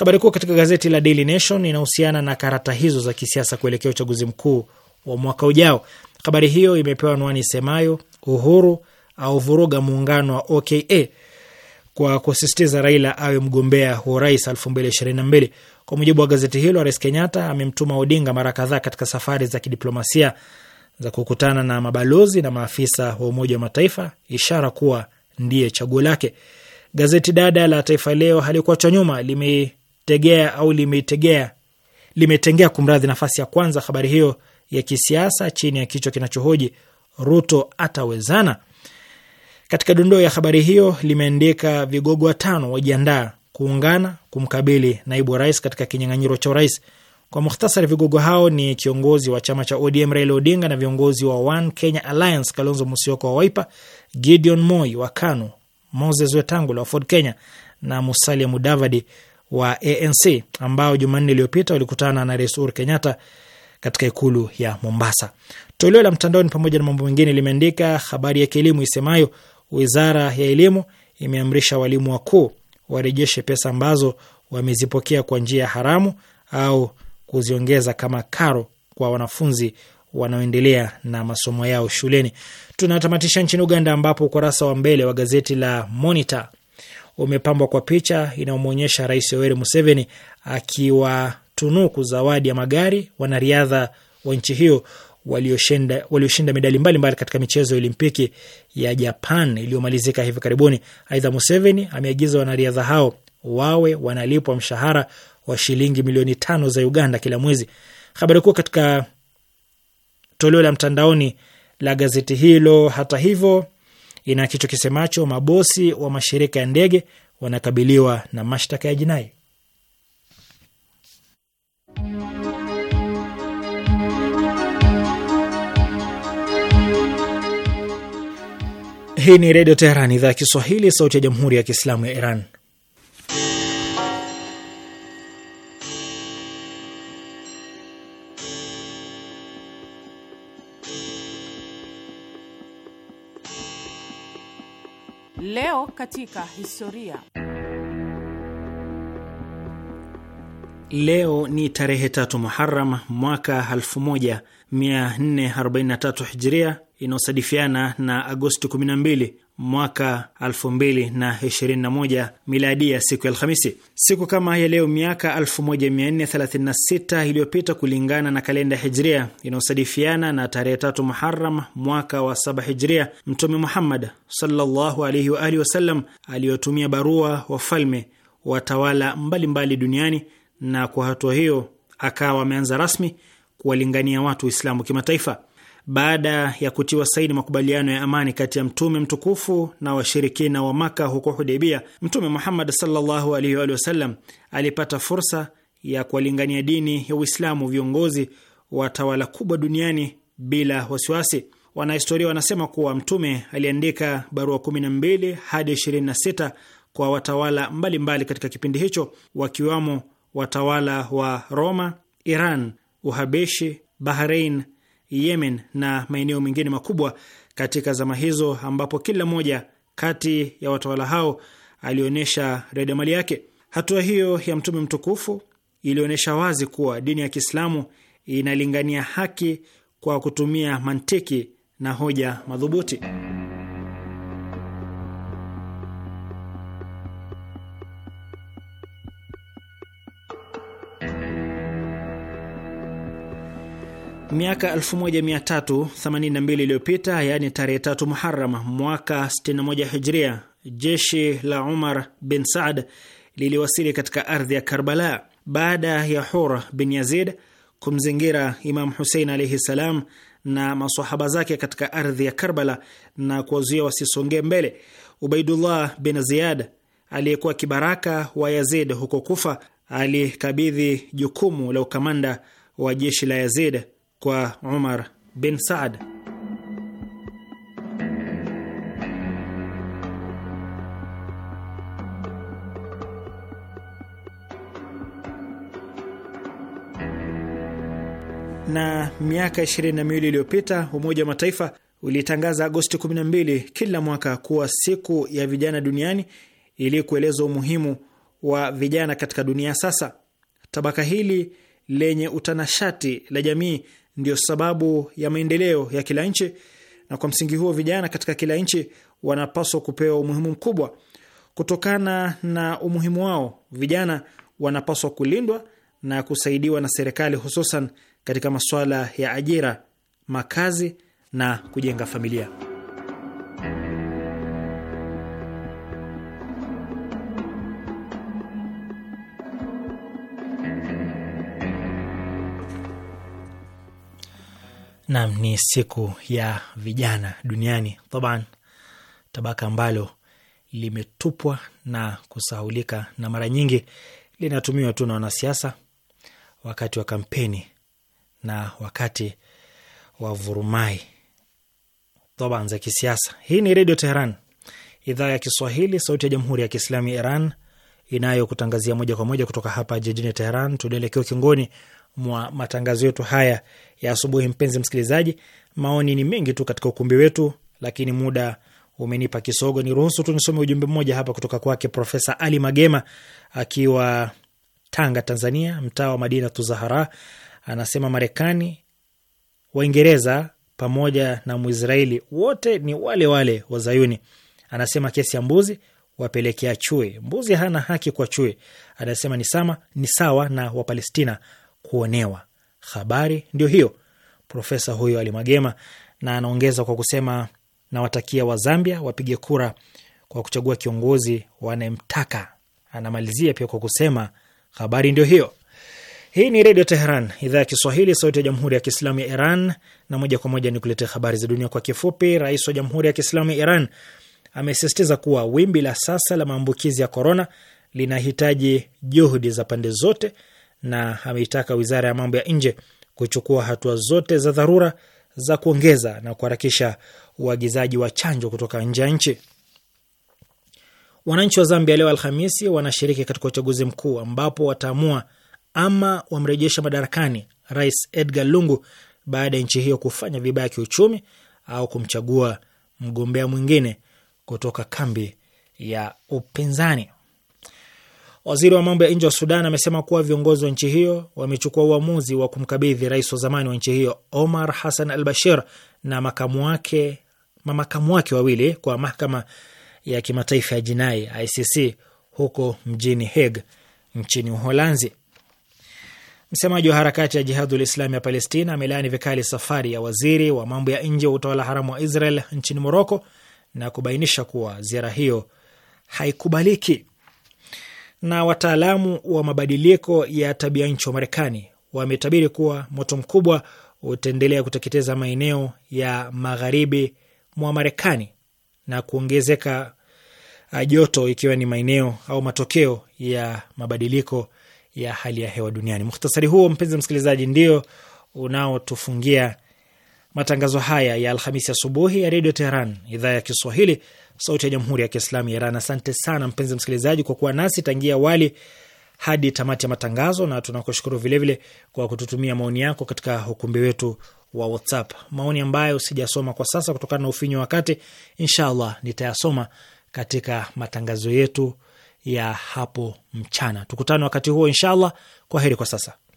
Habari kuu katika gazeti la Daily Nation inahusiana na karata hizo za kisiasa kuelekea uchaguzi mkuu wa mwaka ujao. Habari hiyo imepewa anwani isemayo Uhuru au vuruga muungano wa OKA kwa kusisitiza Raila awe mgombea wa urais 2022. Kwa mujibu wa gazeti hilo, Rais Kenyatta amemtuma Odinga mara kadhaa katika safari za kidiplomasia za kukutana na mabalozi na maafisa wa Umoja wa Mataifa, ishara kuwa ndiye chaguo lake. Gazeti dada la Taifa Leo halikuachwa nyuma, limetegea au limetegea limetengea kumradhi nafasi ya kwanza habari hiyo ya kisiasa chini ya kichwa kinachohoji Ruto atawezana. Katika dondoo ya habari hiyo limeandika vigogo watano wajiandaa kuungana kumkabili naibu wa rais katika kinyang'anyiro cha urais. Kwa muhtasari, vigogo hao ni kiongozi wa chama cha ODM Raila Odinga na viongozi wa One Kenya Alliance Kalonzo Musyoka wa Wiper, Gideon Moi wa KANU, Moses Wetangula wa Ford Kenya na Musalia Mudavadi wa ANC ambao Jumanne iliyopita walikutana na Rais Uhuru Kenyatta katika ikulu ya Mombasa. Toleo la mtandaoni pamoja na mambo mengine limeandika habari ya kielimu isemayo wizara ya elimu imeamrisha walimu wakuu warejeshe pesa ambazo wamezipokea kwa njia ya haramu au kuziongeza kama karo kwa wanafunzi wanaoendelea na masomo yao shuleni. Tunatamatisha nchini Uganda, ambapo ukurasa wa mbele wa gazeti la Monitor umepambwa kwa picha inayomwonyesha Rais Yoweri Museveni akiwatunuku zawadi ya magari wanariadha wa nchi hiyo walioshinda walioshinda medali mbalimbali mbali katika michezo ya Olimpiki ya Japan iliyomalizika hivi karibuni. Aidha, Museveni ameagiza wanariadha hao wawe wanalipwa mshahara wa shilingi milioni tano za Uganda kila mwezi. Habari kuu katika toleo la mtandaoni la gazeti hilo, hata hivyo, ina kichwa kisemacho mabosi wa mashirika ya ndege wanakabiliwa na mashtaka ya jinai. Hii ni Redio Teheran, idhaa ya Kiswahili, sauti ya Jamhuri ya Kiislamu ya Iran. Leo katika historia. Leo ni tarehe tatu Muharam mwaka 1443 Hijria inayosadifiana na Agosti 12 mwaka 2021 miladi ya siku ya Alhamisi. Siku kama ya leo miaka 1436 iliyopita kulingana na kalenda hijria inayosadifiana na tarehe tatu Muharam mwaka wa saba hijria, Mtume Muhammad sallallahu alaihi wa alihi wasallam aliyotumia barua wafalme watawala mbalimbali mbali duniani, na kwa hatua hiyo akawa ameanza rasmi kuwalingania watu Uislamu kimataifa baada ya kutiwa saini makubaliano ya amani kati ya mtume mtukufu na washirikina wa Maka huko hudeibia Mtume Muhammad sallallahu alaihi wa sallam alipata fursa ya kuwalingania dini ya Uislamu viongozi wa tawala kubwa duniani bila wasiwasi. Wanahistoria wanasema kuwa Mtume aliandika barua 12 hadi 26 kwa watawala mbalimbali mbali katika kipindi hicho, wakiwamo watawala wa Roma, Iran, Uhabeshi, Bahrein Yemen na maeneo mengine makubwa katika zama hizo, ambapo kila mmoja kati ya watawala hao alionyesha redi mali yake. Hatua hiyo ya Mtume mtukufu ilionyesha wazi kuwa dini ya Kiislamu inalingania haki kwa kutumia mantiki na hoja madhubuti. Miaka 1382 iliyopita, yaani tarehe tatu Muharam mwaka 61 Hijria, jeshi la Umar bin Saad liliwasili katika ardhi ya Karbala baada ya Hur bin Yazid kumzingira Imam Husein alaihi salam na masahaba zake katika ardhi ya Karbala na kuwazuia wasisongee mbele. Ubaidullah bin Ziyad aliyekuwa kibaraka wa Yazid huko Kufa alikabidhi jukumu la ukamanda wa jeshi la Yazid kwa Umar bin Saad. Na miaka 22 iliyopita Umoja wa Mataifa ulitangaza Agosti 12 kila mwaka kuwa siku ya vijana duniani ili kueleza umuhimu wa vijana katika dunia sasa. Tabaka hili lenye utanashati la jamii ndio sababu ya maendeleo ya kila nchi, na kwa msingi huo vijana katika kila nchi wanapaswa kupewa umuhimu mkubwa. Kutokana na umuhimu wao, vijana wanapaswa kulindwa na kusaidiwa na serikali, hususan katika masuala ya ajira, makazi na kujenga familia. Naam, ni siku ya vijana duniani taban, tabaka ambalo limetupwa na kusahulika na mara nyingi linatumiwa tu na wanasiasa wakati wa kampeni na wakati wa vurumai taban za kisiasa. Hii ni Redio Teheran, idhaa ya Kiswahili, sauti ya Jamhuri ya Kiislamu ya Iran inayokutangazia moja kwa moja kutoka hapa jijini Teheran. Tunaelekea ukingoni mwa matangazo yetu haya ya asubuhi. Mpenzi msikilizaji, maoni ni mengi tu katika ukumbi wetu, lakini muda umenipa kisogo. ruhusu tu nisome ujumbe mmoja hapa kutoka kwake Profesa Ali Magema akiwa Tanga, Tanzania, mtaa wa Madina Tuzahara. Anasema Marekani, Waingereza pamoja na Mwisraeli wote ni wale wale Wazayuni. Anasema kesi ya mbuzi wapelekea chui, mbuzi hana haki kwa chui. Anasema ni sama, ni sawa na Wapalestina kuonewa. Habari ndio hiyo, profesa huyo alimagema, na anaongeza kwa kusema, nawatakia Wazambia wapige kura kwa kuchagua kiongozi wanayemtaka. Anamalizia pia kwa kusema, habari ndio hiyo. Hii ni Redio Teheran, idhaa ya Kiswahili, sauti ya Jamhuri ya Kiislamu ya Iran. Na moja kwa moja ni kuletea habari za dunia kwa kifupi. Rais wa Jamhuri ya Kiislamu ya Iran amesisitiza kuwa wimbi la sasa la maambukizi ya korona linahitaji juhudi za pande zote na ameitaka wizara ya mambo ya nje kuchukua hatua zote za dharura za kuongeza na kuharakisha uagizaji wa chanjo kutoka nje ya nchi. Wananchi wa Zambia leo Alhamisi wanashiriki katika uchaguzi mkuu ambapo wataamua ama wamrejesha madarakani Rais Edgar Lungu baada ya nchi hiyo kufanya vibaya kiuchumi au kumchagua mgombea mwingine kutoka kambi ya upinzani. Waziri wa mambo ya nje wa Sudan amesema kuwa viongozi wa nchi hiyo wamechukua uamuzi wa kumkabidhi rais wa zamani wa nchi hiyo Omar Hassan al Bashir na makamu wake, mamakamu wake wawili kwa mahakama ya kimataifa ya jinai ICC huko mjini Hague nchini Uholanzi. Msemaji wa harakati ya Jihadul Islami ya Palestina amelaani vikali safari ya waziri wa mambo ya nje wa utawala haramu wa Israel nchini Moroko na kubainisha kuwa ziara hiyo haikubaliki. Na wataalamu wa mabadiliko ya tabia nchi wa Marekani wametabiri kuwa moto mkubwa utaendelea kuteketeza maeneo ya magharibi mwa Marekani na kuongezeka uh, joto ikiwa ni maeneo au matokeo ya mabadiliko ya hali ya hewa duniani. Mukhtasari huo mpenzi msikilizaji, ndio unaotufungia matangazo haya ya Alhamisi asubuhi ya Redio Teheran, idhaa ya Kiswahili, sauti ya Jamhuri ya Kiislamu ya Iran. Asante sana mpenzi msikilizaji kwa kuwa nasi tangia awali hadi tamati ya matangazo, na tunakushukuru vilevile kwa kututumia maoni yako katika ukumbi wetu wa WhatsApp, maoni ambayo sijasoma kwa sasa kutokana na ufinyu wa wakati. Inshallah nitayasoma katika matangazo yetu ya hapo mchana. Tukutane wakati huo inshallah. Kwa heri kwa sasa.